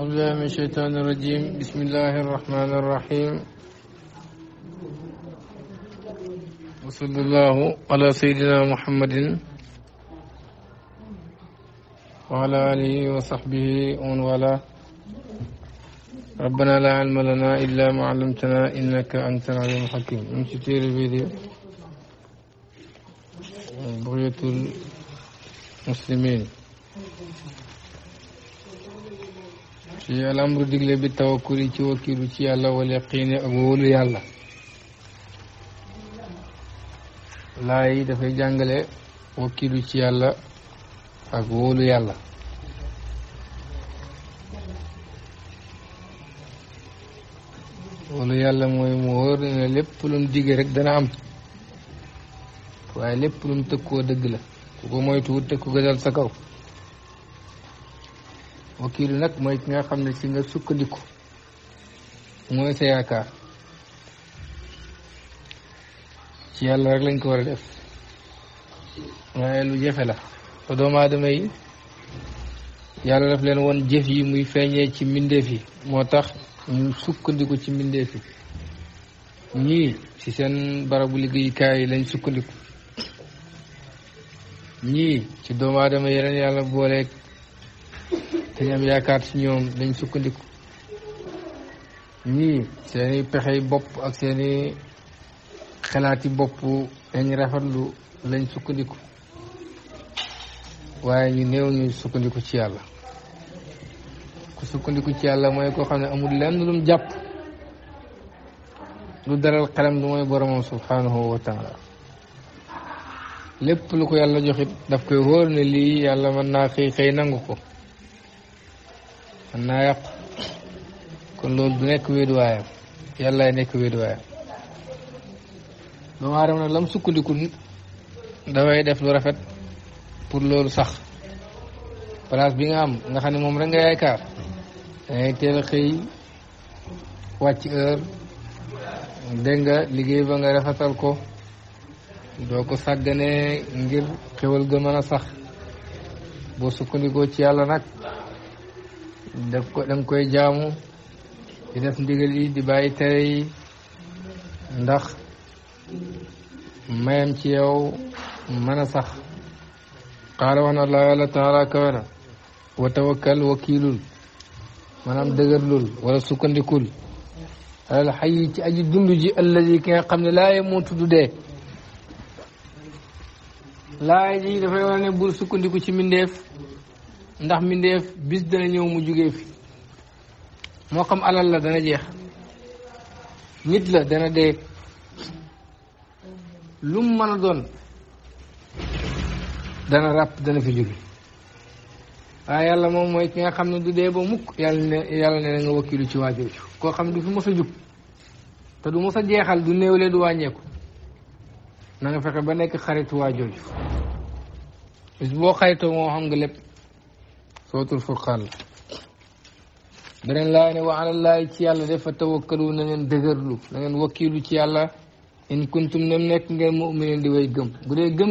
أعوذ من الشيطان الرجيم بسم الله الرحمن الرحيم وصلى الله على سيدنا محمد وعلى آله وصحبه ومن والاه ربنا لا علم لنا إلا ما علمتنا إنك أنت العليم الحكيم من كثير الفيديو بغية المسلمين yooyu alamru digle bi tawakkul yi ci wakkilu ci yàlla wala yaqiin ak yi dafay jàngale wakkilu ci ak wóolu yàlla wóolu yàlla mooy mu wóor ne lépp lu mu digee rek dana am waaye lépp lu mu tëkkoo dëgg la ku ko moytuwut tëkku ko dal sa kaw wakiilu nag mooy ki nga xam ne si nga sukkandiku mooy sa yaakaar ci yàlla rek lañ ko war a def waaye lu jafe la te doomu aadama yi yàlla daf leen woon jëf yi muy feeñee ci mbindeef yi moo tax ñu sukkandiku ci mbindeef yi ñii ci seen barabu liggéeyukaay yi lañ sukkandiku ñii ci doomu aadama yeneen yàlla booleeg dañu am yaakaar ci ñoom dañ sukkandiku ñii seeni pexey bopp ak seeni xalaati bopp dañ rafetlu lañ sukkandiku waaye ñu néew ñu sukkandiku ci yàlla ku sukkandiku ci yàlla mooy koo xam ne amul lenn lum jàpp lu daral xelam du mooy boromam subhanahu wa lépp lu ko yàlla joxit daf koy wóor ne lii yàlla mën naa xëy xëy nangu ko mën naa yàqu kon loolu du nekk wéeduwaayam yàllaay nekk wéeduwaayam doomu aadama nag lam sukkandiku dafay def lu rafet pour loolu sax place bi nga am nga xam ne moom rek nga yaay kaar dangay teel a xëy wàcc heure dégg nga liggéey ba nga rafetal ko doo ko sàgganee ngir xéwal ga mën a sax boo sukkandikoo ci yàlla nag daf ko da koy jaamu di def di bàyyi tere yi ndax mayam ci yow mën a sax xaala wax na laa yàlla taala kawe na wa tawakkal wakiilul maanaam dëgërlul wala sukkandikul alal xayi ci aji dund ji alladi ki nga xam ne laa yemutu du dee laa ji dafay wane ne bul sukkandiku ci mbindeef ndax mbindeef bis dana ñëw mu jugee fi moo xam alal la dana jeex nit la dana dee lu mu mën a doon dana ràpp dana fi jóge waaye yàlla moom mooy ki nga xam ne du dee ba mukk yàlla ne yàlla ne na nga ci waajooju koo xam ne du fi mos a jub te du mos a jeexal du néewle du wàññeeku na nga fexe ba nekk xaritu waajooju bis boo xaritoo moo xam nga lépp sootul furqaan la beneen laay wa alallaahi ci yàlla dafa tawakkalu na ngeen dëgërlu na ngeen ci yàlla in kuntum nem nekk ngeen muminin di way gëm bu dee gëm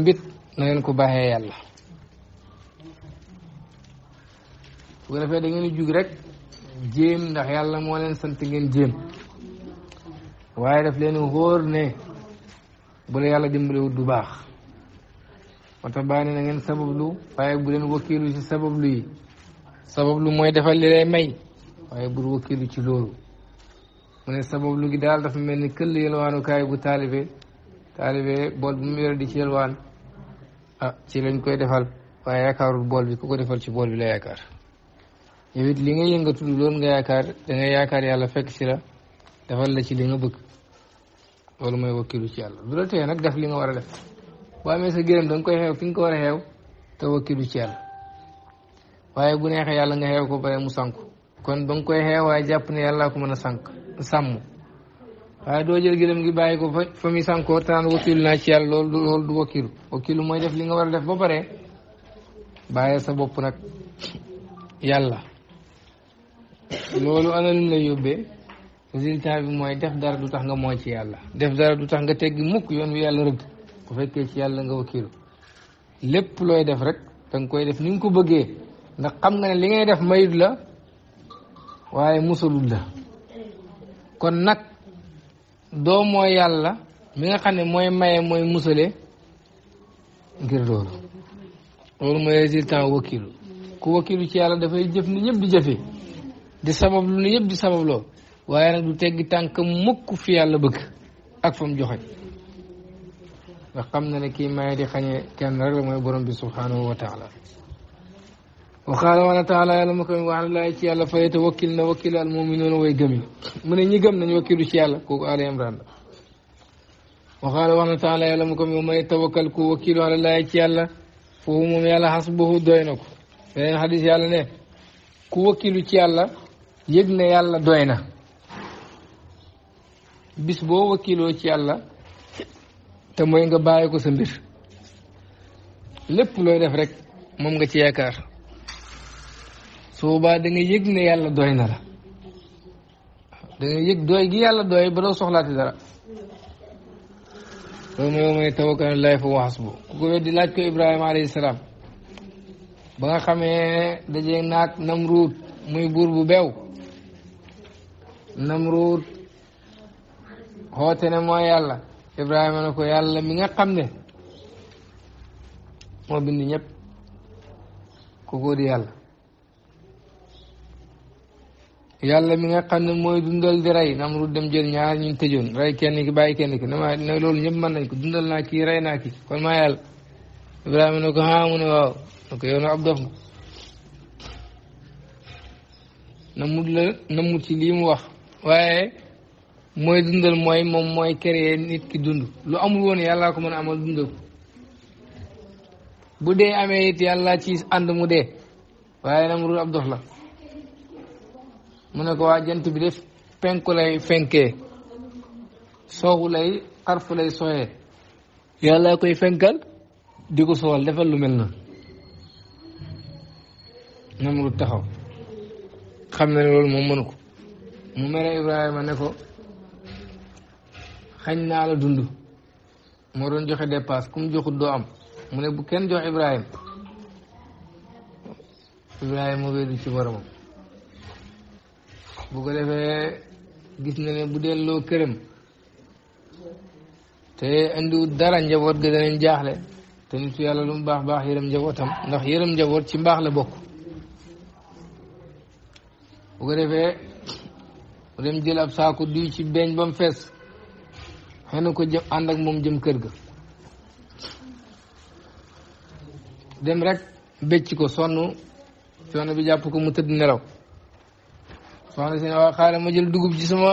mbit na ngeen ko baaxee yàlla su ko da ngeen jug rek jéem ndax yàlla moo leen sant ngeen jéem waaye daf leen wóor ne bu yàlla dimbalewut du baax moo tax bàyyi ne na ngeen sabablu waaye bu leen wakkiilu ci sabablu yi sabablu mooy defal li lay may waaye bul wakkiilu ci loolu mu ne sabablu gi daal dafa mel ni këll yelwaanukaay bu taalibe taalibe bool bu mu yore di ci yelwaan ah ci lañ koy defal waaye yaakaarul bool bi ko ko defal ci bool bi la yaakaar yow li nga yëngatu loolu nga yaakaar da nga yàlla fekk si la defal la ci li nga bëgg loolu mooy wakkiilu ci yàlla du la tee nag def li nga war a def boo amee sa gërëm danga koy xeew fi nga ko war a xeew te wakkilu ci yàlla waaye bu neexee yàlla nga xeew ko bare mu sànku kon ba nga koy xeew waaye jàpp ne yàlla ko mën a sànk sàmm waaye doo jël gërëm gi bàyyi ko fa fa muy sànkoo te naan wakkilu naa ci yàlla loolu du wakkilu wakkilu mooy def li nga war a def ba pare bàyyi sa bopp nag yàlla loolu ana lu lay yóbbee résultat bi mooy def dara du tax nga mooy ci yàlla def dara du tax nga teggi mukk yoon wi yàlla bu fekkee ci yàlla nga wakiilu lépp looy def rek danga koy def ni nga ko bëggee ndax xam nga ne li ngay def mayut la waaye musalul la kon nag doo mooy yàlla mi nga xam ne mooy maye mooy musale ngir loolu loolu mooy résultat wakiilu ku wakiilu ci yàlla dafay jëf ni ñëpp di jëfe di sabab lu ni ñëpp di sabab loo waaye nag du teggi tànk mukk fi yàlla bëgg ak fa mu joxe ndax xam na ne kii maye di xañe kenn rek la mooy borom bi subhanahu wa taala wa qaala wana taala yàlla wax laay ci yàlla fay tawakkil na wakkil gëm mu ne ñi gëm nañ wakkilu ci yàlla kooku Aali Imraan la wax na taala yàlla mu ko mi may tawakkal ku wakkilu ala laay ci yàlla foofu moom yàlla xasbuhu doy na ko beneen xadis yàlla ne ku wakkilu ci yàlla yëg ne yàlla doy na bis boo wakkiloo ci yàlla te mooy nga bàyyi ko sa mbir lépp looy def rekk moom nga ci yaakaar su danga da nga yëg ne yàlla doy na la da nga yëg doy gi yàlla doy ba doo soxlaati dara loolu mooy mooy tawakkal alallaahi fa hasbu ku ko weddi laaj ko Ibrahima alayhi salaam ba nga xamee dajee naag Namruud muy buur bu beew Namruud xoote ne mooy yàlla Ibrahima ne ko yàlla mi nga xam ne moo bind ñëpp kooku di yàlla yàlla mi nga xam ne mooy dundal di rey nam ru dem jël ñaar ñun tëjoon rey kenn ki bàyyi kenn ki na ma ne loolu ñëpp mën nañ ko dundal naa rey naa kii kon maa yàlla Ibrahima ne ko ah ne waaw ne ko yow na ab na mut la na waaye mooy dundal moom mooy créer nit ki dund lu amul woon yàllaa ko mën a amal dundal bu dee amee it yàlla ci ànd mu dee waaye Namruud ab dof la mu ne ko waa jant bi def penku lay fenkee sooxu lay xarfu lay soxee yàlla koy fenkal di ko soxal defal lu mel na Namruud taxaw xam na ne loolu moom mënu ko mu mere Ibrahima ne ko xañ naa la dund moo doon joxe dépasse ku mu joxut doo am mu ne bu kenn jox Ibrahima Ibrahima wéeru ci boromam bu defee gis na ne bu delloo këram te indiwut dara njaboot ga danañ jaaxle te nitu yàlla lu mu baax baax yërëm njabootam ndax yërëm njaboot ci mbaax la bokk bu defee mu jël ab saaku diw ci beeñ ba fees xëy na ko jëm ànd ak moom jëm kër ga dem rek bëcc ko sonn coono bi jàpp ko mu tëdd nelaw soxna si ne ma jël dugub ji sama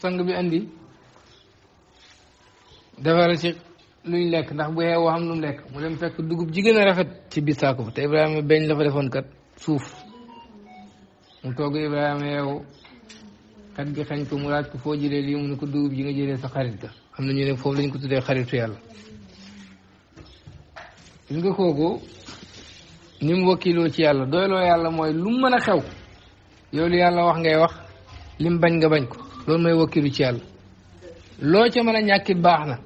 sang bi indi defaral ci luñ lekk ndax bu xew xam lu mu lekk mu dem fekk dugub ji gën rafet ci biir saako te Ibrahima beñ la fa defoon kat suuf mu togg Ibrahima yeewu kat gi xañ ko mu laaj ko foo jëlee lii mu ne ko dugub ji nga jëlee sa xarit ga am na ñu ne foofu lañ ko tuddee xaritu yàlla gis nga kooku ni mu wakkiloo ci yàlla dooy doyloo yàlla mooy lu mën a xew yow lu yàlla wax ngay wax lim bañ nga bañ ko loolu mooy wakkilu ci yàlla loo ca mën a ñàkkit baax na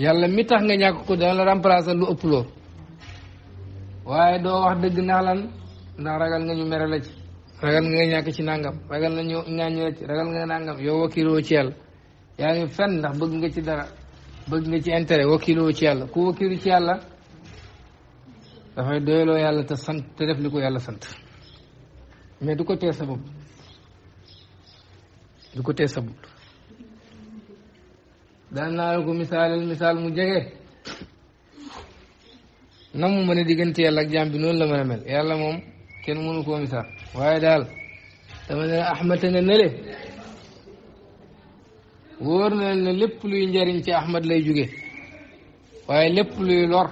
yàlla mi tax nga ñàkk ko dana la remplacer lu ëpp lool waaye doo wax dëgg ndax lan ndax ragal nga ñu mere la ci ragal nga ñàkk ci nàngam ragal na ñoo ñaañu ci ragal nga nàngam yow wakiiloo ci yàlla yaa ngi fenn ndax bëgg nga ci dara bëgg nga ci intérêt wakiiloo ci yàlla ku wakiilu ci yàlla dafay doyloo yàlla te sant te def li ko yàlla sant mais du ko tee sabab du ko tee sabab daan naa la ko misaalel misaal mu jege na mu mën a diggante yàlla ak jàmbi noonu la mën a mel yàlla moom kenn mënu koo misaal waaye daal dama ne ahmad nga nele wóor ne lépp luy njariñ ci ahmad lay jóge waaye lépp luy lor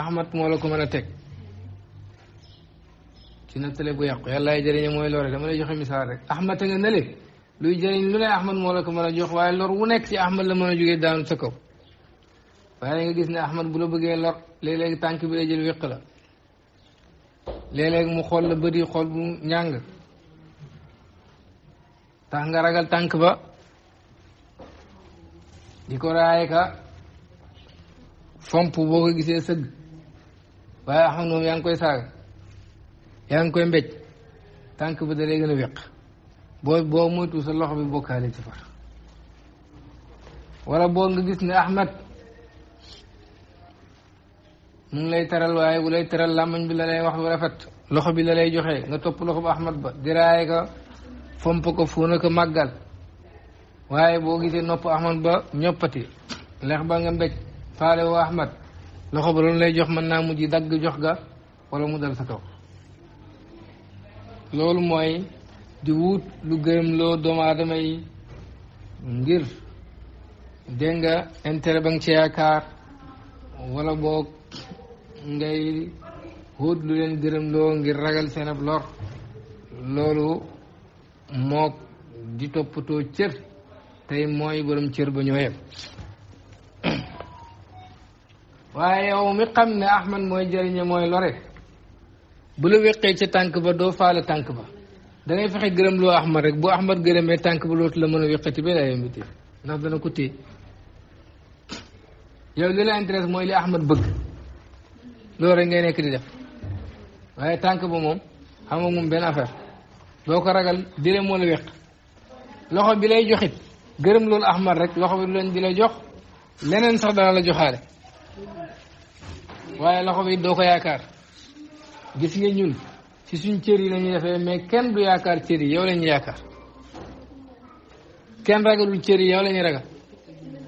ahmad moo la ko mën a teg ci nettale bu yàqu yàllaay jëriñe mooy lore dama lay joxe misaal rek ahmad nga nele luy jëriñ lu ne ahmad moo la ko mën a jox waaye lor wu nekk ci ahmad la mën a jóge daanu sa kaw waaye nga gis ne ahmad bu la bëggee lor le léegi tànk bi lay jël wéq la léeg-léeg mu xool la bëri xool bu njàng tax nga ragal tànk ba di ko raaye ka fomp boo ko gisee sëgg waaye xam noonu yaa ngi koy saaga yaa ngi koy mbej tànk ba da gën a weq boo boo moytu sa loxo bi bokkaale ci far wala boo nga gis ne Ahmed mu lay teral waaye bu lay teral làmmiñ bi la lay wax lu rafet loxo bi la lay joxe nga topp loxo bu ahmad ba diraaye ko fomp ko fóona ko màggal waaye boo gisee nopp ahmad ba ñoppati lex ba nga mbéj faale woo ahmad loxo ba loolu lay jox mën naa mujj dagg jox ga wala mu dal sa kaw loolu mooy di wut lu gërëm loo doomu aadama yi ngir dégg nga intérêt ba nga ci yaakaar wala boog ngay wut lu leen gërëm loo ngir ragal seen ab lor loolu mook di toppatoo cër tey mooy borom cër ba ñoo yem waaye yow mi xam ne Ahmad mooy jëriñe mooy lore bu la weqee ca tànk ba doo faale tànk ba dangay ngay fexe gërëm loo Ahmad rek bu Ahmad gërëmee tànk ba lootu la mën a weqati ba laa yombi ndax dana ko téye yow li la intéresse mooy li Ahmad bëgg loolu rek ngay nekk di def waaye tànk ba moom xam nga moom benn affaire doo ko ragal dire moo la wéq loxo bi lay joxit gërëm loolu ahmad rek loxo bi leen di jox leneen sax dana la joxaale waaye loxo bi doo ko yaakaar gis nga ñun ci suñ cër yi la ñuy defee mais kenn du yaakaar cër yi yow la ñuy yaakaar kenn ragalul cër yi yow la ñuy ragal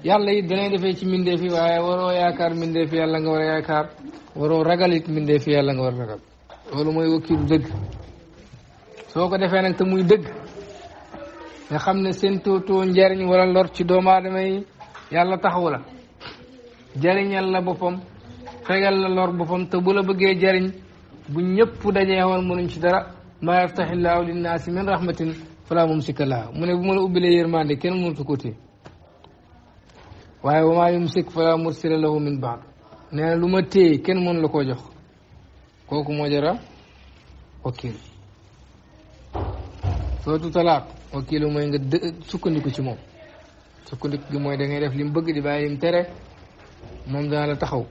yàlla it danay defee ci mbindeef yi waaye waroo yaakaar mbindeef yàlla nga war a yaakaar waroo ragal it mbindee fi yàlla nga war ragal loolu mooy wakkiilu dëgg soo ko defee nag te muy dëgg nga xam ne seen tootoo njariñ wala lor ci doomu aadama yi yàlla taxaw la jariñal la boppam fegal la lor boppam te bula bëggee jariñ bu ñëpp dajee woon mënuñ ci dara maa yaftaxillaahu linnaasi min rahmatin falaa mumsika laha mu ne bu ma la ubbilee yërmande kenn mënatu ko téye waaye wa maa yumsik falaa mursila lahu min baad nee lu ma téye kenn mënu la koo jox kooku moo jara wakiil sootu talaaq wakiilu mooy nga dë sukkandiku ci moom sukkandiku gi mooy da def li mu bëgg di bàyyi li tere moom dana la taxaw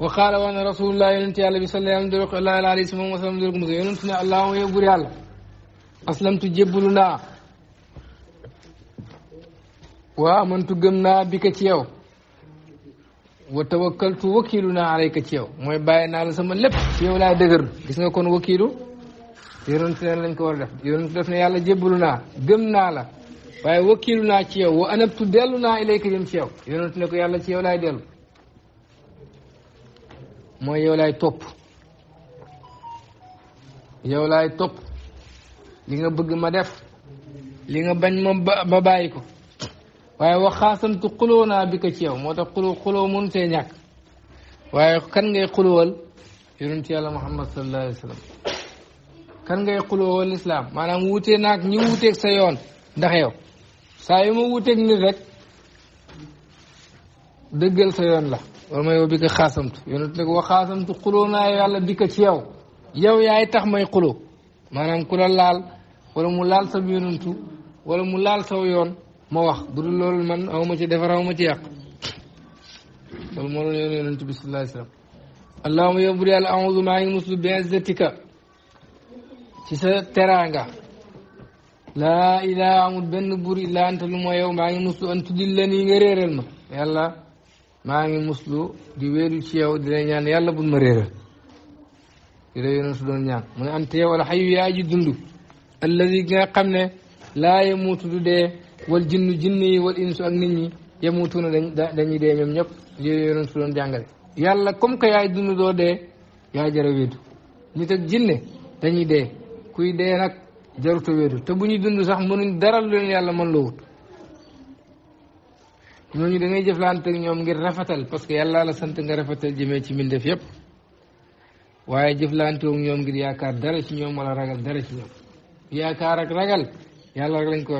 wa qaala wax na rasulullah yonent yàlla bi sa alayhi wa sallam dërëk mos yonent ne allahuma waa amantu gëm naa bi ka ci yow wa tawakkaltu wakiilu naa alayka ci yow mooy bàyyi naa la sama lépp ci yow laay dëgër gis nga kon wakiilu yonent ne lañ ko war a def yonent def yàlla jébbalu naa gëm naa la waaye wakiilu naa ci yow wa anabtu dellu naa ilayka jëm ci yow yonent ne ko yàlla ci yow laay dellu mooy yow laay topp yow laay topp li nga bëgg ma def li nga bañ ma ba ko waaye waxaasantu xuloo naa bi ko ci yow moo tax xuloo xuloo mënutee ñàkk waaye kan ngay xuloowal yonent yàlla muhammad sallallahu alayhi wa sallam kan ngay xuloowal lislaam maanaam wuutee naag ñi wuuteeg sa yoon ndax yow saa ma wuuteeg nit rek dëggal sa yoon la wala ma yow bi ko xaasamtu yonent nag waxaasamtu naa yàlla bi ci yow yow yaay tax may xuloo maanaam ku laal wala mu laal sa yonentu wala mu laal saw yoon ma wax bu dul loolu man aw ma ci defar aw ma ci yàq loolu moo doon yoon yonent bi sallallahu alayhi wa sallam maa ngi muslu bi izzatika ci teraanga laa ilaha amul benn buur illa anta lu ma yow maa ngi muslu an tudilla nii nga réeral ma yàlla maa ngi muslu di wéeru ci yow di la ñaan yàlla bul ma réeral di la yonent su doon nga xam laa yamuutu du dee wal jinnu jinne yi wal insu ak nit ñi yemutuuna dañ dañuy dee ñoom ñëpp yooyu yoroon su doon jàngale yàlla comme que yaay dund doo dee yaa jara wéedu nit ak jinne dañuy dee kuy dee nag jaruta wéedu te bu ñuy dund sax mënuñ dara lu leen yàlla mën loo wut ñooñu da ngay jëflante ak ñoom ngir rafetal parce que yàlla la sant nga rafetal jëmee ci def yëpp waaye jëflante ak ñoom ngir yaakaar dara ci ñoom wala ragal dara ci ñoom yaakaar ak ragal yàlla rek lañ koo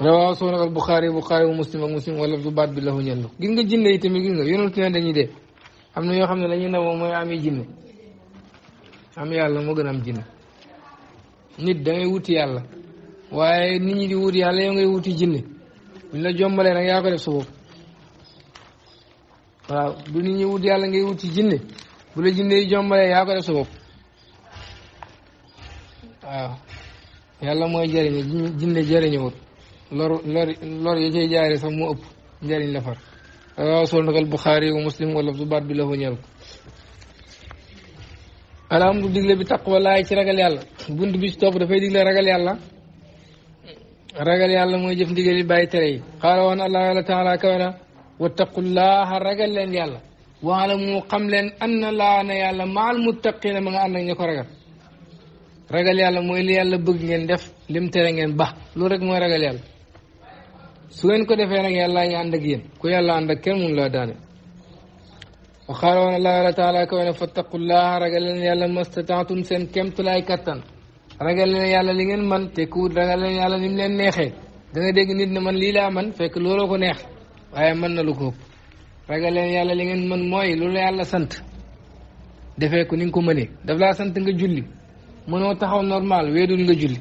rawaaw soo nag al buxaari bu muslim ak muslim wala du baat bi la fu ñel gis nga jinne yi tamit gis nga yonent ne dañuy dee am na yoo xam ne la ñuy mooy ami jinne yàlla moo gën am jinne nit da wuti yàlla waaye nit ñi di yàlla yow ngay wuti jinne la jombalee nag yaa ko sa bopp waaw wut yàlla ngay wuti jinne bu la jinne yi jombalee yaa ko def sa bopp waaw yàlla mooy jëriñu jinne jëriñu wut lor lor lor ya cay jaare sax moo ëpp njëriñ la far waaw sol nakal Buxaari wa Muslim wala su baat bi la fa alhamdu digle bi taqwa laay ci ragal yàlla bunt bi ci topp dafay digle ragal yàlla ragal yàlla mooy jëf ndigal yi bàyyi tere yi xaala woon allah yàlla taala kawe na wattaqullaha ragal leen yàlla waala mu xam leen anna laa na yàlla maal muttaqina ma nga ànd ak ko ragal ragal yàlla mooy li yàlla bëgg ngeen def lim ngeen ba loolu rek mooy ragal su ngeen ko defee nag yàlla ngi ànd ak yéen ku yàlla ànd ak kenn mun laa daane wa qaala woon allah àlla taala ka wene fattaqullaha ragal leen yàlla mastataatum seen kemtulaay kattan ragal leen yàlla li ngeen man te ku ragal leen yàlla ni mu leen neexee danga dégg nit ne man lii laa man fekk looloo ko neex waaye mën na lu ko ëpp ragal leen yàlla li ngeen mën mooy loolu la yàlla sant defee ko ni nga ko mënee daf laa sant nga julli mënoo taxaw normal weedul nga julli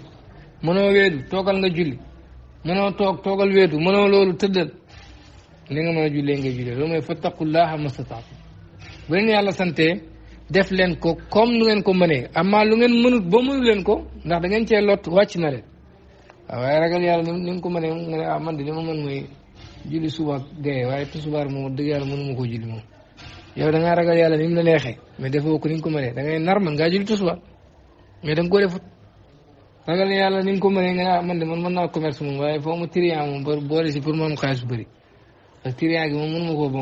mënoo weedu toogal nga julli mënoo toog toogal weetu mënoo loolu tëddal li nga mën a jullee ngay jullee loolu mooy fattaqullaha mastataatu bu leen yàlla sante def leen ko comme lu ngeen ko mënee amaa lu ngeen mënut ba mënu leen ko ndax da ngeen cee lot wàcc na leen waaw waaye ragal yàlla ni nga ko mënee nga ah, man de li ma mën mooy julli suba gaye waaye tu subaar moom dëgg yàlla mënuma ko julli moom yow da ngaa ragal yàlla ni mu la neexee mais defoo ko ni nga ko mënee da ngay nar man ngaa julli tu subaar mais da koo defut ragal yàlla ni nga ko mënee nga ne ah, man de man mën naa commerce moom waaye foo mu trian moom ba bu bëri parce que trian moom mënuma koo ba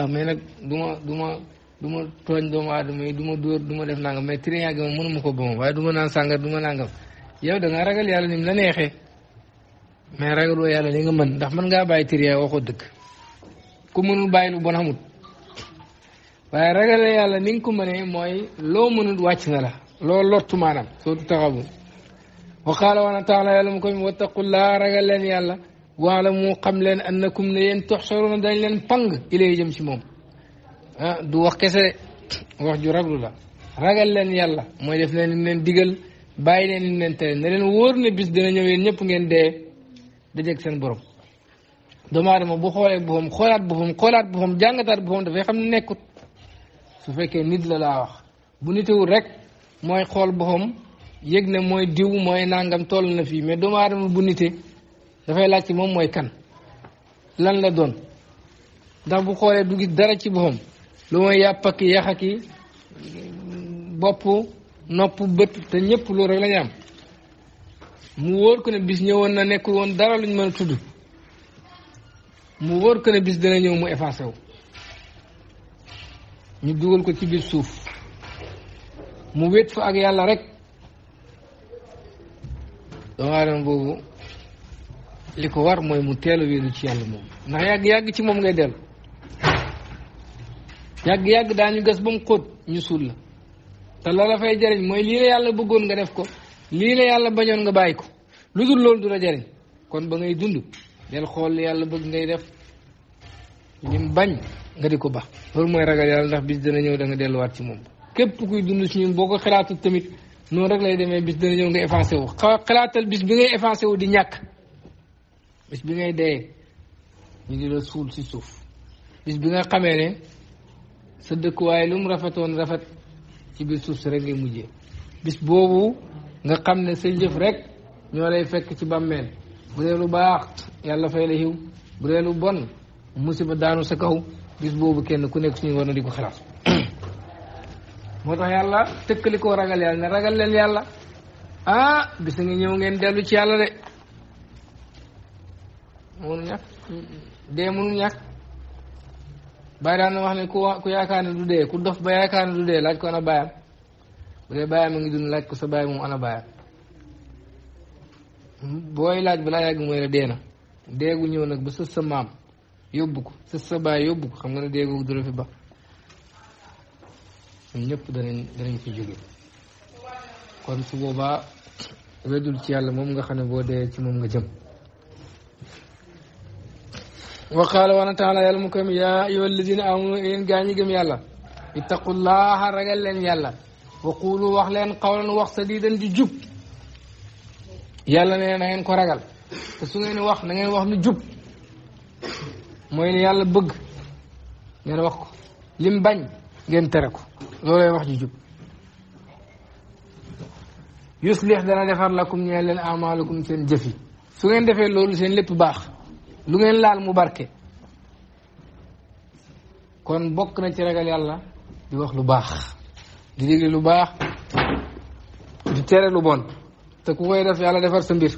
moom mais nag du ma du ma du ma doomu aadama yi du ma dóor du def nangam mais trian gi moom mënuma koo ba waaye du ma naan sàngar du ma nangam yow da nga ragal yàlla ni mu la neexee mais ragaloo yàlla li nga mën ndax mën ngaa bàyyi trian waxoo dëkk ku mënul bàyyi lu bon amut waaye ragal yàlla ni nga ko mënee mooy loo mënul wàcc na la loolu lottu maanaam sootu taxawu wa qaala wana taala yàlla mu ko leen yàlla waala mu xam leen annakum ne yéen toxsaruna dañ leen pang ilay jëm si moom ah du wax kese wax ju raglu la ragal leen yàlla mooy def leen leen digal bàyyi leen lim leen tere ne leen wóor ne bis dina ñëw yéen ñëpp ngeen dee dajeeg seen borom doomu aadama bu xoolee boppam xoolaat boppam xoolaat boppam jàngataat boppam dafay xam ne nekkut su fekkee nit la laa wax bu nitewul rek mooy xool boppam yëg ne mooy diw mooy nàngam toll na fii mais doomu aadama bu nite dafay laaj ci moom mooy kan lan la doon ndax bu xoolee du gis dara ci boppam lu mooy yàpp ak yax ak bopp nopp bët te ñëpp loolu rek la am mu wóor ko ne bis ñëwoon na nekkul woon dara luñ mën a tudd mu wóor ko ne bis dana ñëw mu effacé wu ñu dugal ko ci biir suuf mu wét fa ak yàlla rek doomu boobu li ko war mooy mu teel a wéeru ci yàlla moom ndax yàgg-yàgg ci moom ngay dellu yàgg-yàgg daañu gas ba mu xóot ñu suul la te la la fay jariñ mooy lii la yàlla bëggoon nga def ko lii la yàlla bañoon nga bàyyi ko lu dul loolu du la jariñ kon ba ngay dund del xool yàlla bëgg ngay def lim bañ nga di ko ba loolu mooy ragal yàlla ndax bis dana ñëw da nga delluwaat ci moom képp kuy dund si ñun boo ko xalaatul tamit noonu rek lay demee bis dana ñëw nga effacé wu xalaatal bis bi ngay effacé wu di ñàkk bis bi ngay dee ñu ngi la suul si suuf bis bi nga xamee ne sa dëkkuwaay lu mu rafetoon rafet ci biir suuf si rek ngay mujjee bis boobu nga xam ne sa jëf rek ñoo lay fekk ci bàmmeel bu dee lu baax yàlla fay la xiw bu dee lu bon musiba daanu sa kaw bis boobu kenn ku nekk suñu war na di ko xalaat moo tax yàlla tëkkali ragal yàlla ne ragal leen yàlla ah bisa nga ñëw ngeen dellu ci yàlla de mënu ñàkk dee mënu ñàkk bàyyi na wax ne ku yaakaar ne du dee ku dof ba yaakaar ne du dee laaj ko ana baayam bu dee baayam a ngi laaj ko sa baay moom ana baayam booy laaj balaa yàgg mooy ne dee na deegu ñëw nag ba sës sa maam yóbbu ko sës sa baay yóbbu ko xam nga ne deegu du la ba ñun ñëpp danañ danañ fi jóge kon su boobaa weddul ci yàlla moom nga xam ne boo dee ci moom nga jëm wa qaala wana taala yàlla mu kam yaa ayyuha alladina amanu yéen gaa ñi yàlla ittaqullaha ragal leen yàlla wa quulu wax leen qawlan wax sadiidan di jub yàlla ne na ngeen ko ragal te su wax na wax lu jub mooy ne yàlla bëgg ngeen wax ko lim bañ ngeen tere ko لولاي واخ جوب يصلح دنا ديفار لكم نيال الاعمالكم سن جفي سو نين ديفه لول سن لب باخ لو نين لال مباركه كون بوك نتي رغال يالا دي واخ لو باخ دي ديغي لو باخ دي تيري لو بون تا كوغي داف يالا ديفار سمبير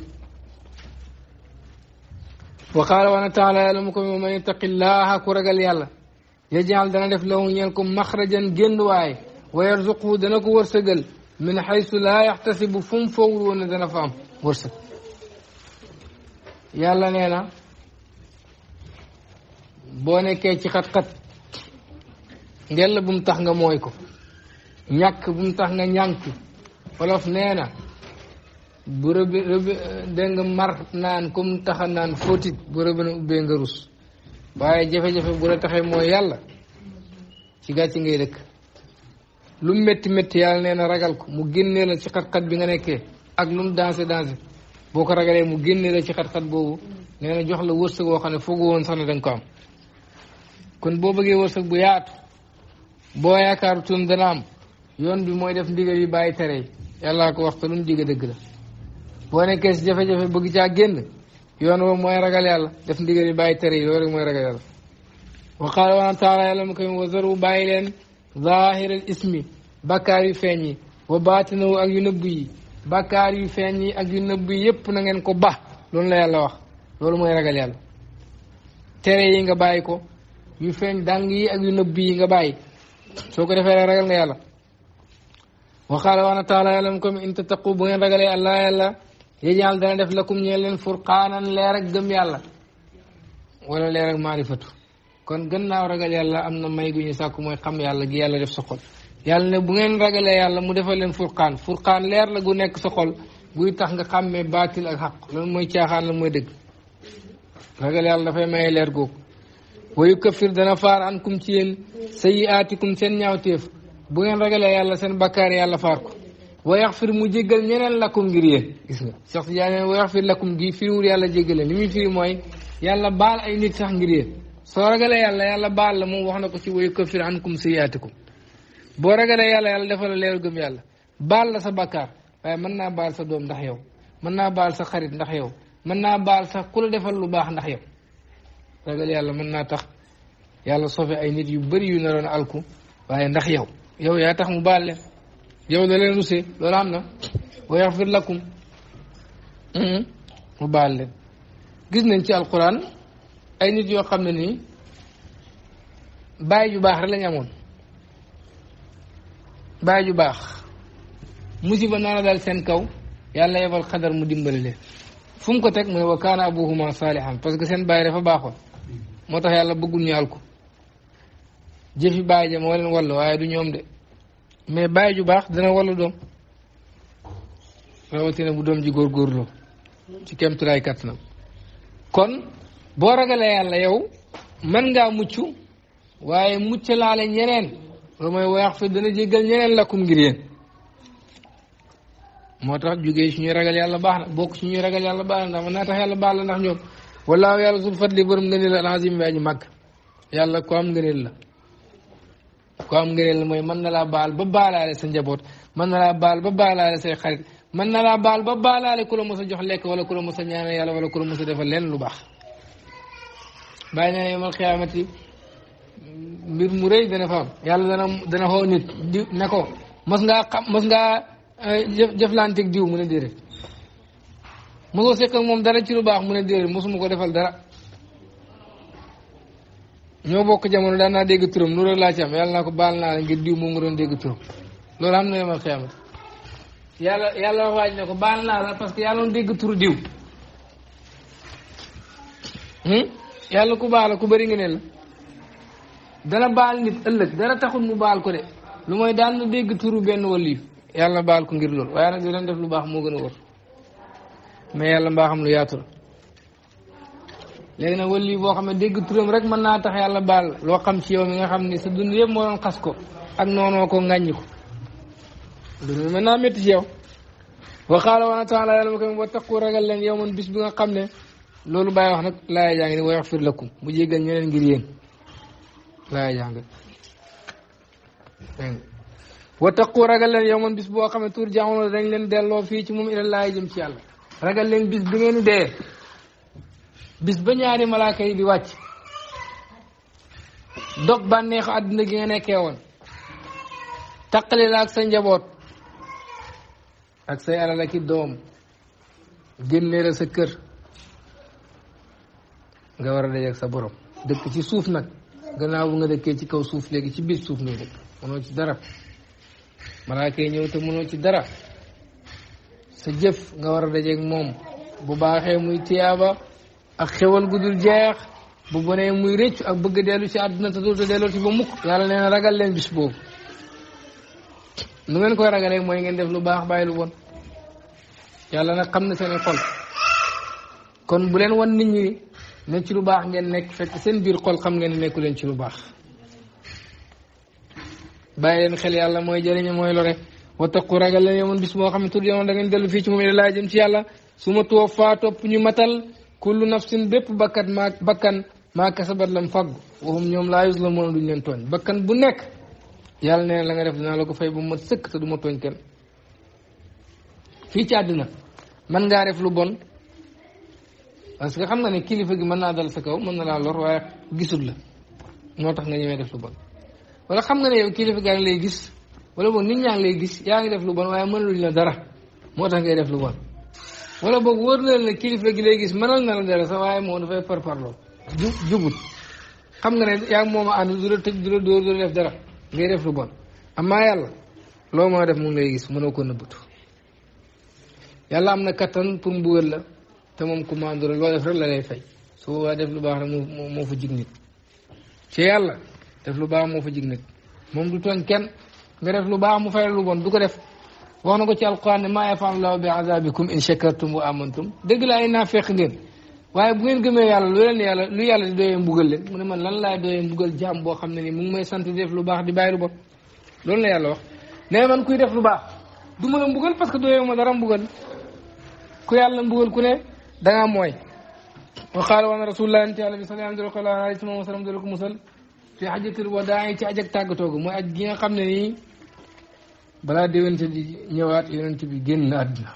وقال وانا تعالى يلومكم ومن يتق الله كرغال يالا yajal dana def lahu ñeel ko maxrajan génn waay wa yarzuqhu dana ko wërsëgal min xaysu laa yaxtasibu fu mu foogul woon ne dana fa am wërsëg yàlla nee na boo nekkee ci xat-xat ngel bu mu tax nga mooy ko ñàkk bu mu tax nga ñànk wolof nee na bu rëbi rëbi dégg nga mar naan comme taxa naan fóotit bu rëbi na nga rus waaye jafe-jafe bu la taxee mooy yàlla ci gàcce ngay dëkk lu metti métti yàlla nee na ragal ko mu génnee la ci xat-xat bi nga nekkee ak lu mu dansé dansé boo ko ragalee mu génnee la ci xat-xat boobu nee na jox la wërsëg woo xam ne foogu woon sax ne da ko am kon boo bëggee wërsëg bu yaatu boo yaakaaru tuum am yoon bi mooy def ndigal yi bàyyi tere yàllaa ko waxta lu mu digg dëgg la boo nekkee si jafe-jafe bëgg caa génn yoon woowu mooy ragal yàlla def ndigal yi bàyyi tere yi loolu rek mooy ragal yàlla wa qaala wa taala yàlla mu koy wa zaru bàyyi leen zahiral ismi bakkaar yu feeñ yi wa baatinawu ak yu nëbb yi bakkaar yu feeñ yi ak yu nëbb yi yépp na ngeen ko ba loolu la wax loolu mooy ragal yàlla tere yi nga bàyyi ko yu feeñ dàng yi ak yu nëbb nga bàyyi soo ko defee ragal nga yàlla wa qaala wa mu koy in tattaqu bu ngeen ragalee allah yéjal dana def la lakum ñeel leen furqaanan leer ak gëm yàlla wala leer ak maarifatu kon gannaaw ragal yàlla am na may gu ñu sàkku mooy xam yàlla gi yàlla def sa xol yàlla ne bu ngeen ragalee yàlla mu defal leen furqaan furqaan leer la gu nekk sa xol buy tax nga xàmmee baatil ak xaq loolu mooy caaxaan la mooy dëgg ragal yàlla dafay maye leer googu wayu kafir dana faar an kum ci yéen sayiaatikum seen ñaawteef bu ngeen ragalee yàlla seen bakkaar yàlla faar wa yaxfir mu jéggal ñeneen lakkum ngir yéen gis nga Cheikh Tidiane wa yaxfir lakkum gi firiwul yàlla jéggale li muy firi mooy yàlla baal ay nit sax ngir soo ragalee yàlla yàlla baal la moom wax na ko ci wa yukaffir ankum ko boo ragalee yàlla yàlla defal la leeru gëm yàlla baal la sa bakkaar waaye mën naa baal sa doom ndax yow mën naa baal sa xarit ndax yow mën naa baal sax ku defal lu baax ndax yow ragal yàlla mën naa tax yàlla sofe ay nit yu bëri yu naroon alku waaye ndax yow yow yow na leen rusé loolu am na wa yaxfir lakum mm-hmm. mu baal leen gis nañ ci alquran ay nit yoo xam ne nii bàyyi ju baax rek lañ amoon bàyyi ju baax musiba naa la daal seen kaw yàlla yebal xadar mu dimbali leen fu ko teg mu ne wa kaana abuhuma saalihan parce que seen bàyyi dafa baaxoon moo tax yàlla bëggul ñu àl jëfi bàyyi ja walla waaye du ñoom de mais bàyyi ju bax dina walla dom rawatina bu dom ji gor gor lo ci kem kéemtulaay kattanam kon bo ragale yalla yow mën ngaa mucc waaye mucc laale ñeneen loolu mooy wax fi dana jegal ñeneen la kum ngir yeen motax tax jógee su ragal yalla bax bok bokk su ñuy ragal yàlla baax na ndax tax yalla baax la ndax ñoom wallahu yalla sul fadli borom ngëneel la al azim bi aji ko am ngëneel la ku am ngëneel mooy man na laa baal ba baalaale sa njaboot man na laa baal ba baalaale say xarit man na laa baal ba baalaale ku la mos a jox lekk wala ku la mos a ñaanal yàlla wala ku la mos a defal leen lu baax bàyyi na mu rëy dana fa yàlla dana dana xoo nit ne ko mos ngaa xam mos ngaa eh, jëflanteeg diw mu ne déedéet moom dara ci lu baax mu ne déedéet mosuma ko defal dara ñoo bokk jamono daan naa dégg turam nu rek laa ci am naa ko baal naa la ngir diw moom nga doon dégg turam loolu am na yàlla yàlla waaj ne ko baal naa la parce que yàlla doon dégg turu diw hmm? yàlla ku baal la ku bëri nga dana baal nit ëllëg dara taxul mu baal ko de lu mooy daan dégg turu benn waliyu yàlla baal ko ngir loolu waaye nag di def lu baax moo gën a wër mais yàlla mbaaxam lu yaatu léegi nag wali boo xam ne dégg turam rek mën naa tax yàlla baal loo xam ci yow mi nga xam ni sa dund yëpp moo doon xas ko ak noonoo ko ŋàññi ko dund naa métti ci yow wa qaala wa taala yàlla ma ko wa taqu ragal leen yow man bis bi nga xam ne loolu bàyyi wax nag laaya jàng ni wa yaxfir lakum mu jéggal ñeneen ngir yéen laaya jàng tax taqu ragal leen yow man bis boo xam ne tur jamono dañ leen delloo fii ci moom ila laaya jëm ci yàlla ragal leen bis bi ngeen dee bis ba ñaari malaaka yi di wàcc dog bànneex àdduna gi nga nekkee woon taqali ak sa njaboot ak sa alal ak i doom génnee la sa kër nga war a dajeeg sa borom dëkk ci suuf nag gannaaw bu nga dëkkee ci kaw suuf léegi ci biir suuf ngay dëkk mënoo ci dara malaaka yi ñëw te mënoo ci dara sa jëf nga war a dajeeg moom bu baaxee muy tiyaaba ak xewal gu dul jeex bu bonee muy rëccu ak bëgg dellu ci àdduna te dootu delloo ci ba mukk yàlla nee na ragal leen bis boobu nu ngeen koy ragalee mooy ngeen def lu baax bàyyi lu bon yàlla xam na seen kon bu leen wan nit ñi ne ci lu baax ngeen nekk fekk seen biir xol xam ngeen nekku leen ci lu baax bàyyi leen xel yàlla mooy jëriñu mooy lore wattaqu ragal leen yomoon bis moo xam ne tur yomoon da ngeen dellu fii ci moom laa jëm ci yàlla su ma tuwaffaa topp matal kullu nafsin bépp bakkan maa bakkan maa kasabat lam faggu waxum ñoom laa yus la moon duñ bakkan bu nekk yàlla nee la nga def dinaa la ko fay ba ma sëkk du ma tooñ kenn ci àddina mën ngaa def lu parce que xam nga ne kilifa gi mën naa dal sa kaw mën na laa lor waaye gisul la noo tax nga ñëwee def lu bon wala xam nga ne yow kilifa gaa ngi lay gis wala boog nit ñaa lay gis yaa ngi def lu bon waaye mënuluñ la dara moo tax ngay def lu bon wala boog wóor na ne kilifa gi lay gis mënal na la dara sax waaye moom dafay parparloo ju jugut xam nga ne yaa ngi moom a ànd du la tëj du la dara ngay def lu bon amaa yàlla loo mën def mu ngi lay gis mënoo ko nëbbatu yàlla am na kattan pour mbugal la te moom commande la loo def la lay fay su boobaa lu baax rek moo moo fa jig nit ci yàlla def lu baax moo fa jig nit moom du tooñ kenn nga def lu baax mu fay lu bon du ko def ونقول في القرآن ما يفعل الله بعذابكم إن شكرتم وآمنتم دقل أينا في خدين ويبغين قمي يالا لولين يالا لو يالا دوين بغل من من لن لا دوين بغل جام بو خمني مو مي سنت ديف لو باخ دي باير بو لولين يالا وخ ني من كوي ديف لو باخ دو مولم بغل باسك دوين ما دارم بغل كو يالا بغل كو ني دا موي وقال وانا رسول الله انت عليه الصلاه والسلام قال عليه الصلاه والسلام دلك مسل في حجه الوداع تي اجك تاغ توغ مو اج جيغا خمني balaa déwénte di ñëwaat yonent bi génn àdduna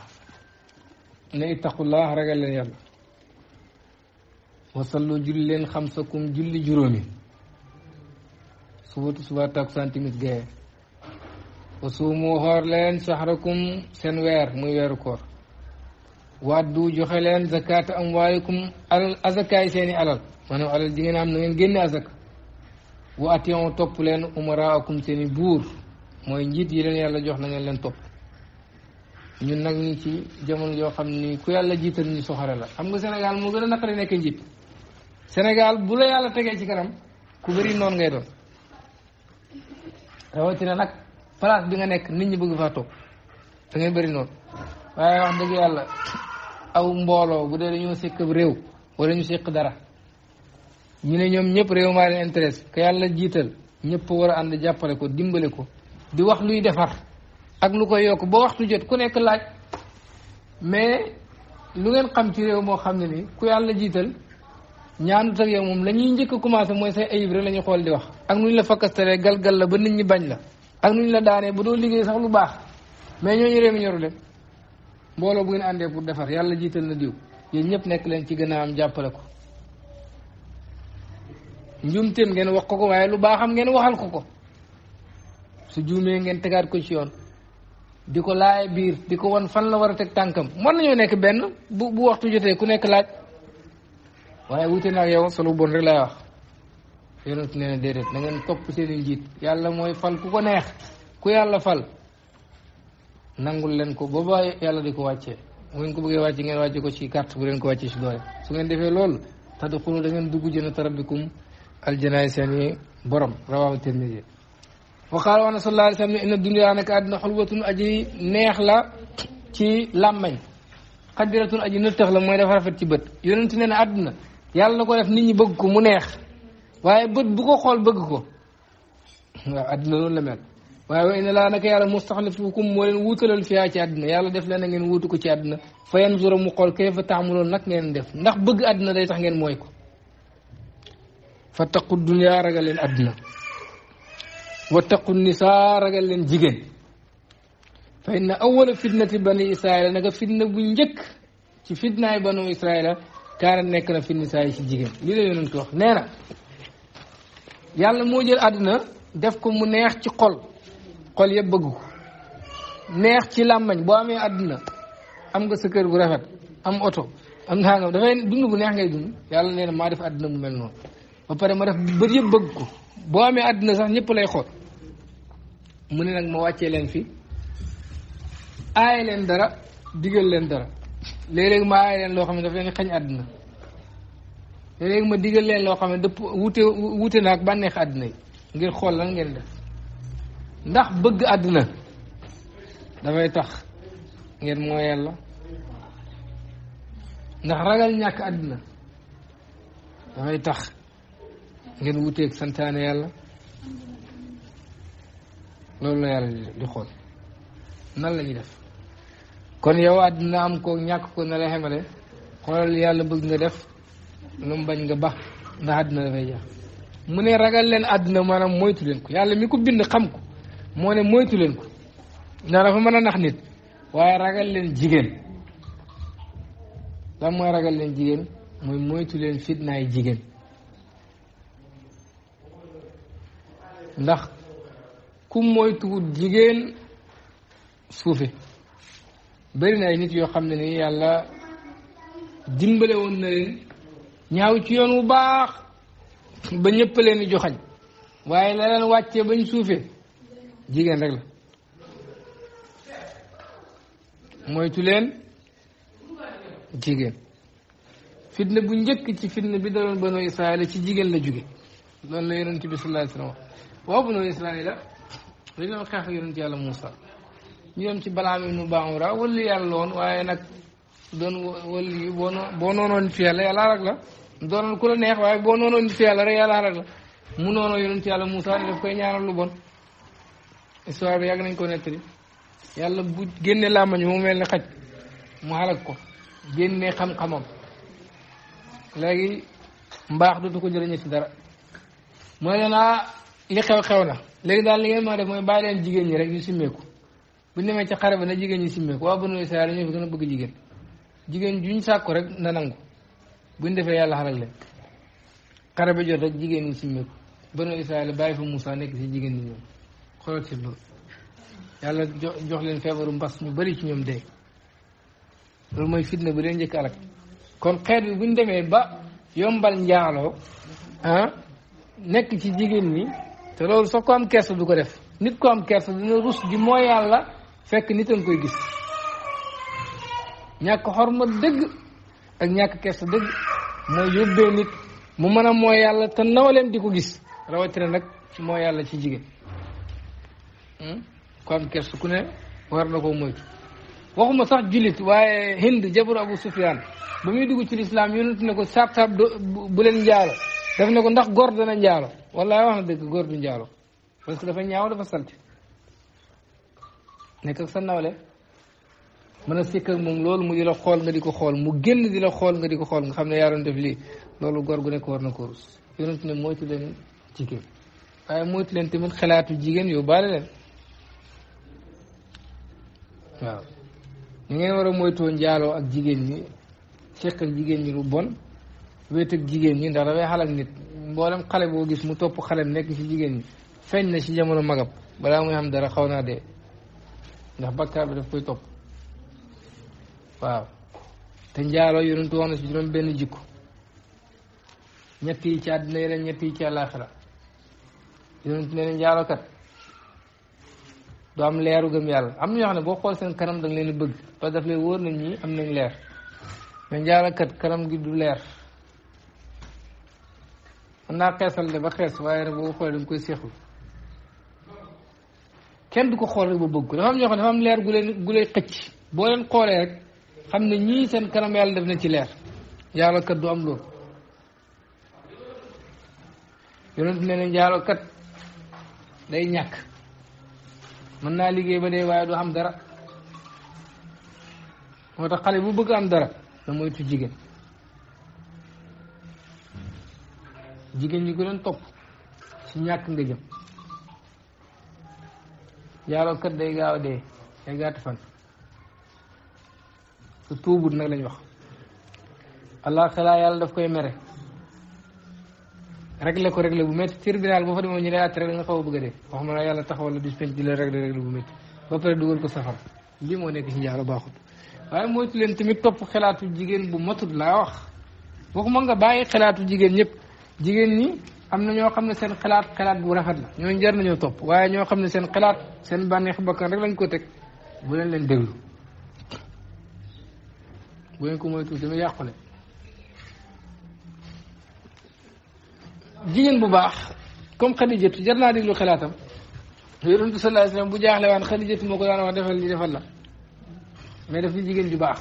ne ittaqullah ragal leen yàlla wasallu julli leen xamsakum julli juróomi subatu suba takusaan timis gaye wa suumu xoor leen saxrakum seen weer muy weeru koor waddu joxe leen zakata amwaalikum alal azakaay seeni alal maanaam alal ji ngeen am na ngeen génne azaka wa atiyon topp leen umaraakum seeni buur mooy njiit yi leen yàlla jox na leen topp ñun nag ñi ci jamono yoo xam ni ku yàlla jiital ñu soxore la xam nga Sénégal moo gën a naqari nekk njiit Sénégal bu la yàlla tegee ci kanam ku bëri noonu ngay doon rawatina nag place bi nga nekk nit ñi bëgg faa toog da ngay waaye wax dëgg yàlla aw mbooloo bu dee dañoo sekk réew wala ñu sekk dara ñu ne ñoom ñëpp réew maa leen intéresse que yàlla jiital ñëpp war a ànd jàppale ko dimbale ko di wax luy defar ak lu koy yokk ba waxtu jot ku nekk laaj mais lu ngeen xam ci réew moo xam ne ni ku yàlla jiital ñaanu ak yow moom la ñuy njëkk a commencé mooy say ayib rek la ñuy xool di wax. ak nu ñu la fakkastalee galgal la ba nit ñi bañ la. ak nu ñu la daanee ba doo liggéey sax lu baax mais ñooñu réew mi ñoru leen mbooloo bu ngeen àndee pour defar yàlla jiital na diw yéen ñëpp nekk leen ci gën am jàppale ko. njumteen ngeen wax ko ko waaye lu baaxam ngeen waxal ko ko. su juumee ngeen tegaat ko ci yoon di ko laaye biir di ko wan fan la war a teg tànkam mën nañoo nekk benn bu bu waxtu jotee ku nekk laaj waaye wute na ak yow solo bon rek laay wax yonent nee na déedéet na ngeen topp seeni njiit yàlla mooy fal ku ko neex ku yàlla fal nangul leen ko booba yàlla di ko wàccee bu ngeen ko bëggee wàcce ngeen wàcce ko ci carte bu leen ko wàccee ci doole su ngeen defee loolu tadxulu da ngeen dugg jëna tarabbikum aljanaay seen i borom rawahu وقال وانا صلى الله عليه وسلم ان الدنيا انك ادنى حلوه اجي نيه لا تي لامن قدره اجي نتخ لا موي دافار فات تي بت يونت نينا ادنا يالا نكو داف نيت ني بوج كو مو نيه واي بت بو كو خول بوج كو ادنا لون لا مل واي وان لا نك يالا مستخلفكم مو لين ووتلن فيا تي ادنا يالا داف لا نين ووتو كو تي ادنا فين زور مو خول كيف تعملون نك نين داف نخ بوج ادنا داي تخ نين موي كو فتقوا الدنيا رجل الادنى ni saa ragal leen jigéen fa inna awala fitnati bani israila naka fitna bu njëkk ci fitnaay banu israila kaana nekk na fi nisaa yi ci jigéen lii la yonent wax nee na yàlla moo jël àdduna def ko mu neex ci xol xol yëpp bëgg ko neex ci làmmañ boo amee àdduna am nga sa kër bu rafet am oto am naa nga dafay dund bu neex ngay dund yàlla nee maa def àdduna mu mel noonu ba pare ma def bët yëpp bëgg ko boo amee àdduna sax ñëpp lay xool mu ne nag ma wàccee leen fii aaye leen dara digal leen dara léeg-léeg ma aaye leen loo xam ne daf leen xañ àdduna léeg-léeg ma digal leen loo xam ne dëpp wute wute na ak bànneex àdduna yi ngir xool lan ngeen def ndax bëgg àdduna dafay tax ngeen moo yàlla ndax ragal ñàkk àdduna dafay tax ngeen wuteeg santaane yàlla loolu la yàlla di xool nan la def kon yow àddina am ko ñàkk ko na la xemale xoolal yàlla bëgg nga def lu mu bañ nga ba ndax àddina dafay jeex mu ne ragal leen àddina maanaam moytu leen ko yàlla mi ko bind xam ko moo ne moytu leen ko ndax dafa mën a nax nit waaye ragal leen jigéen lan mooy ragal leen jigéen mooy moytu leen fitnaay jigéen ndax kum mooy tuut jigéen suufe bëri na ay nit yoo xam ne ni yàlla dimbale woon na leen ñaaw ci yoon wu baax ba ñëpp leen joxañ waaye la leen wàcce bañ suufee jigéen rek la moytu leen jigéen fitna bu njëkk ci fitna bi daloon banu israila ci jigéen la jóge loolu la yonent bi sallallahu alayhi wa sallam wax banu li doon xeex yonent yàlla Moussa ñu dem ci balaam ibnu baamura wëlli yàlla loon waaye nag doon wëlli boo boo noonoon ci yàlla yàlla rek la doonoon ku la neex waaye ci yàlla rek yàlla rek koy ñaanal lu bon histoire bi yàgg nañ koo nettali yàlla bu génne làmmañ mu mel ni xaj mu xalag ko génne xam-xamam léegi mbaax dootu ko jëriñoo ci dara mooy leen ah, li xew xew na léegi daal li ngeen ma def mooy bàyyi leen jigéen ñi rek ñu simmeeku bu ñu demee ci xare ba na jigéen ñu simmeeku waa Banu Israayil ñoo fi gën a bëgg jigéen jigéen juñ sàkku rek na nangu ñu defee yàlla xaral leen xare ba jot rek jigéen ñi simmeeku Banu Israayil bàyyi fa Moussa nekk si jigéen ñi ñoom xoolal ci loolu yàlla jox leen feebaru mbas ñu bari ci ñoom dee loolu mooy fitna bu dee njëkk alak kon xeet bi bu ñu demee ba yombal njaaloo ah nekk ci jigéen ñi. te loolu sax ko am kersa du ko def nit ko am kersa dina rus di mooy yàlla fekk nit a koy gis ñàkk xorma dëgg ak ñàkk kersa dëgg mooy yóbbee nit mu mën a mooy yàlla te nawaleem di ko gis rawatina nag ci mooy yàlla ci jigéen hmm? ko am kersa ku ne war na koo moytu waxuma sax jullit waaye hind jabaru abu sufyaan ba muy dugg ci lislaam yonent ne ko saab saab bu leen njaalo def na ko ndax góor na njaalo wallaay wax na dëgg góor du njaalo parce que dafa ñaaw dafa salti nekk ak sa nawle mën a sikk ak moom loolu mu di la xool nga di ko xool mu génn di la xool nga di ko xool nga xam ne yaa doon def lii loolu góor gu nekk war na ko rus yonent ne moytu leen jigéen waaye moytu leen tamit xalaatu jigéen yóbbaale leen waaw ñu ngeen war a moytoo njaaloo ak jigéen ñi séq ak jigéen ñi lu bon wéet ak jigéen ñi ndax dafay xalak nit mboolem xale boo gis mu topp xalem nekk ci jigéen ñi feeñ na ci jamono magam balaa muy xam dara xaw naa dee ndax bakkaar bi daf koy topp waaw te njaaloo yonentu wax na si juróom benn jikko ñett yi ci àddina yeneen ñett yi ci àllaaxira yonentu nee na njaalookat du am leeru gëm yàlla am na ñoo ne boo xool da nga leen bëgg parce que daf lay am nañ leer mais njaalookat kanam gi du leer mën naa xeesal de ba xees waaye nag boo xoolee da koy seexu kenn du ko xool rek ba bëgg ko dafa am ñoo xam ne dafa am gu leen gu lay xëcc boo leen xoolee rek xam ñii seen kanam yàlla def na ci leer yàlla kat du am loolu yonent ne ne njaalo kat day ñàkk mën naa liggéey ba dee waaye du am dara moo tax xale bu bëgg am dara da moytu jigéen jigéen ñi ko doon topp ci ñàkk nga jëm yàlla kat day gaaw a dee gàtt fan su tuubut nag lañu wax allah xelaa yàlla daf koy mere réglé ko réglé bu métti tribunal boo fa demoon ñu lay àtte rek da nga xaw a bëgg a wax ma ne yàlla taxawal la bis penc di la réglé réglé bu métti ba pare dugal ko safar lii moo nekk ci yàlla baaxut waaye moytu leen tamit topp xelaatu jigéen bu matut laa wax waxuma nga bàyyi xelaatu jigéen ñëpp jigéen ñi am na ñoo xam ne seen xalaat xalaat bu rafet la ñooñu jar nañoo topp waaye ñoo xam ne seen xalaat seen bànneex bakkan rek lañ ko teg bu leen leen déglu bu leen ko moytu dama yàqule jigéen bu baax comme xadijatu jar naa déglu xalaatam yonentu sallallahu alayhi wasallam bu jaaxle waan xadijatu moo ko daan wax defal la mais daf di jigéen ju baax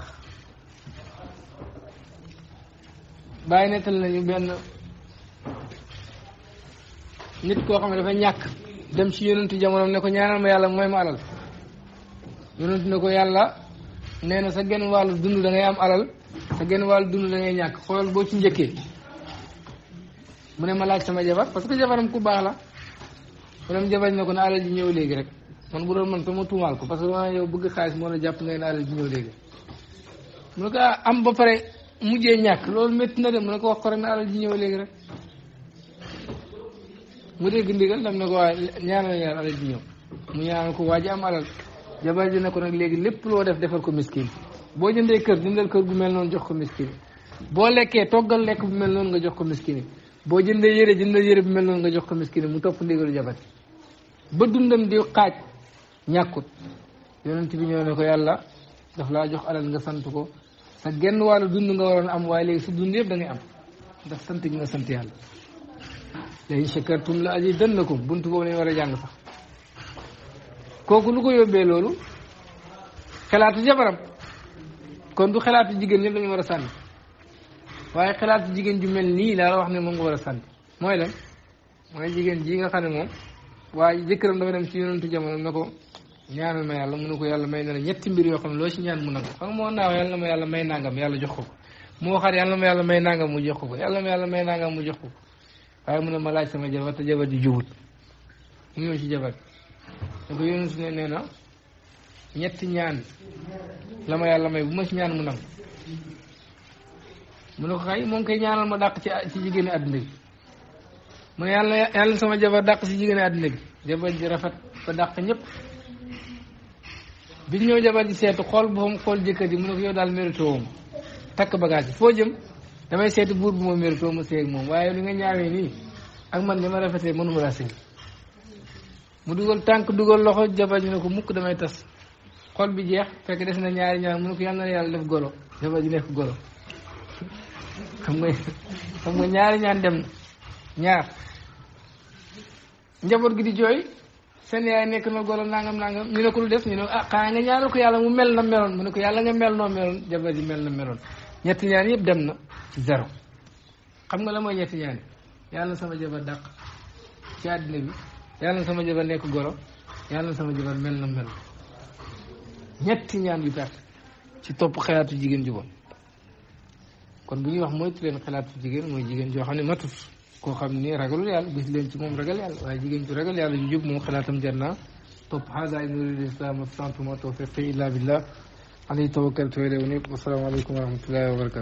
bàyyi nettal nañu nit koo xam ne dafa ñàkk dem ci yonentu jamono ne ko ñaanal ma yàlla mooy ma alal yonentu ne ko yàlla nee na sa genn wàllu dund da ngay am alal sa genn wàllu dund da ngay ñàkk xoolal boo ci njëkkee mu ne ma laaj sama jabar parce que jabaram ku baax la mu ne jabar ne ko na alal ji ñëw léegi rek man bu doon man ko ma tuumaal ko parce que maanaam yow bëgg xaalis moo la jàpp ngay na alal ji ñëw léegi mu ne ko ah, am ba pare mujjee ñàkk loolu metti na de ko wax ko rek ji ñëw léegi rek mu dégg ndigal dam na ko waa ñaanal ñaar alal ji ñëw mu ñaanal ko waa ji am alal jabar ji ne ko nag léegi lépp loo def defal ko miskin boo jëndee kër jëndal kër gu mel noonu jox ko miskin boo lekkee toggal lekk bu mel noonu nga jox ko miskin boo jëndee yére jëndal yére bu mel noonu nga jox ko miskin mu topp ndigalu jabar ba dundam di xaaj ñàkkut yonent bi ne ko yàlla daf laa jox alal nga sant ko sa genn waalo dund nga waroon am waaye léegi su dund yëpp dangay am ndax sant gi nga sant yàlla la in shakartum la azidannakum bunt boobu lañ war a jàng sax kooku lu ko yóbbee loolu xalaatu jabaram kon du xalaatu jigéen ñëpp lañu war a sànni waaye xalaatu jigéen ju mel nii laa la wax ne moom nga war a sànni mooy lan mooy jigéen ji nga xam ne moom waaye jëkkëram dafa dem ci yonentu jamono na ko ñaanal ma yàlla mu ne ko yàlla may na la ñetti mbir yoo xam ne loo ci ñaan mu nangu xam moo naaw yàlla yàlla may nangam yàlla jox ko ko moo waxaat yàlla ma yàlla may nangam mu jox ko ko yàlla ma yàlla mu jox ko waaye mu ne ma laaj sama jabar te jabar ji jubut mu ñëw ci jabar ne ko ne na ñetti ñaan la yàlla may bu ma ci ñaan mu nam mu ne ko xay koy ñaanal ma dàq ci ci jigéeni àddina bi mu ne yàlla yàlla sama jabar dàq ci jigéeni àddina bi jabar ji rafet ba dàq ñëpp biñ ñëw jabar ji seetu xool boppam xool jëkkër ji mu ne ko yow daal mérité woom takk bagage bi foo jëm damay seeti buur bu ma mér too ma seeg moom waaye li nga ñaawee nii ak man li ma rafetee mënu ma laa seeg mu dugal tànk dugal loxo jabar ji ko mukk damay tas xol bi jeex fekk des na ñaari ñaar mu ne ko yàlla na yàlla def golo jabar ji nekk golo xam nga xam nga ñaari ñaan dem na ñaar njaboot gi di jooy seen yaay nekk na golo nangam nangam ñu ne ko lu def ñu ne ah xanaa nga ñaanal ko yàlla mu mel na meloon mu ne ko yàlla nga mel noo meloon jabar mel na meloon ñetti ñaan yëpp dem na ci zéro xam nga la mooy ñetti ñaani yàlla na sama jabar dàq ci àddina bi yàlla na sama jabar nekk goro yaa na sama jabar mel na mel ñetti ñaan yu perte ci topp xalaatu jigéen ju bon kon bu ñuy wax moytu leen xalaatu jigéen mooy jigéen joo xam ne matut koo xam ne ragalul yàlla gis leen ci moom ragal yàlla waaye jigéen ju ragal yàlla ju jub moom xalaatam jar naa topp hada in uridu islam wa tawfiqi illa billah alayhi tawakkaltu wa ilayhi unib wa salaamu aleykum wa rahmatullahi wa barakatu